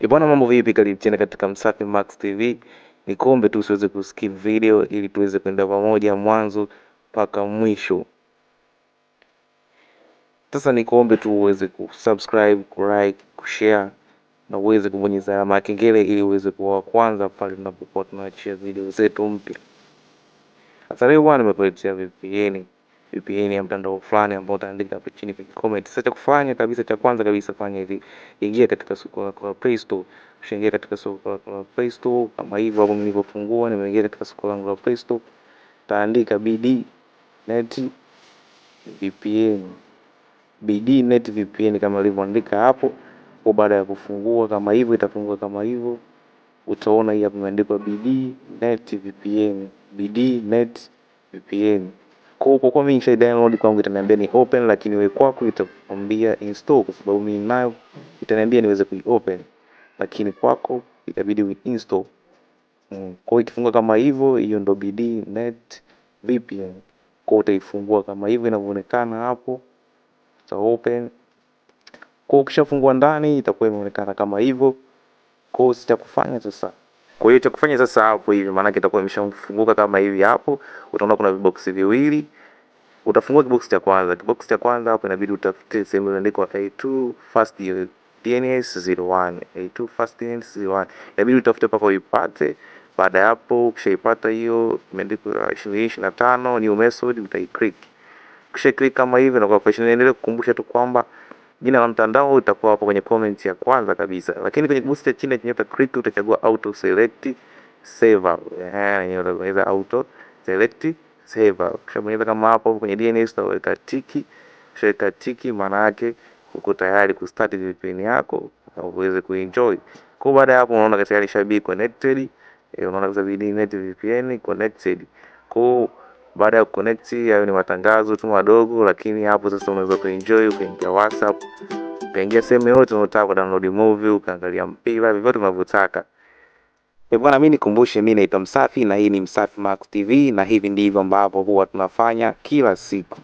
Eh, bwana, mambo vipi? Karibu tena katika Msafi Max TV. Nikuombe tu usiweze kuskip video ili tuweze kwenda pamoja mwanzo mpaka mwisho. Sasa nikuombe tu uweze kusubscribe, kulike, kushare na uweze kubonyeza alama ya kengele ili uweze kuwa wa kwanza pale tunapokuwa tunaachia video zetu mpya. Sasa leo bwana, nimekuletea VPN. VPN ya mtandao fulani ambao utaandika hapo chini kwenye comment. Sasa cha kufanya kabisa, cha kwanza kabisa fanya hivi, ingia katika kwa, la Play Store, ushaingia katika soko kwa, kwa Play Store kama hivyo hapo nilipofungua, nimeingia katika soko langu la Play Store, taandika BD net VPN BD net VPN kama ilivyoandika hapo. Kwa baada ya kufungua kama hivyo, itafungua kama hivyo, utaona hii hapo imeandikwa BD net VPN BD net VPN. Kwa kwa mimi kisha download kwangu itaniambia ni open, lakini wewe kwako itakwambia install, kwa sababu mimi nayo itaniambia niweze kui open, lakini kwako itabidi we install. Mm. Kwa ikifungua kama hivyo, hiyo ndo BD Net VPN. Kwa utaifungua kama hivyo inavyoonekana hapo, uta open. Kwa ukishafungua ndani itakuwa imeonekana kama hivyo. Kwa sitakufanya sasa kwa hiyo cha kufanya sasa hapo hivi, maanake itakuwa imeshafunguka kama hivi hapo. Utaona kuna viboksi viwili Utafungua kibox cha kwanza. Kibox cha kwanza hapo inabidi utafute sehemu iliyoandikwa A2 fast DNS 01, A2 first DNS 01. Inabidi utafute mpaka uipate. Baada ya hapo ukishaipata hiyo imeandikwa 2025 new method utai click. Kisha click kama hivi na kwa question endelee kukumbusha tu kwamba jina la mtandao itakuwa hapo kwenye comment ya kwanza kabisa, lakini kwenye kibox cha chini chenye uta click utachagua auto select server. Eh, yenyewe utaweza auto select seva. Ukishabonyeza kama hapo kwenye DNA utaweka tiki. Ukishaweka tiki, maana yake uko tayari kustart VPN yako na uweze kuenjoy. Kwa baada ya hapo, unaona katika shabiki connected, eh, unaona katika VNet VPN connected. Kwa baada ya kuconnect, hayo ni matangazo tu madogo, lakini hapo sasa unaweza kuenjoy ukaingia WhatsApp ukaingia sehemu yote unataka download movie, ukaangalia mpira, vyovyote unavyotaka. E bwana, mi nikumbushe, mi naitwa Msafi na hii ni Msafi Max TV, na hivi ndivyo ambavyo huwa tunafanya kila siku.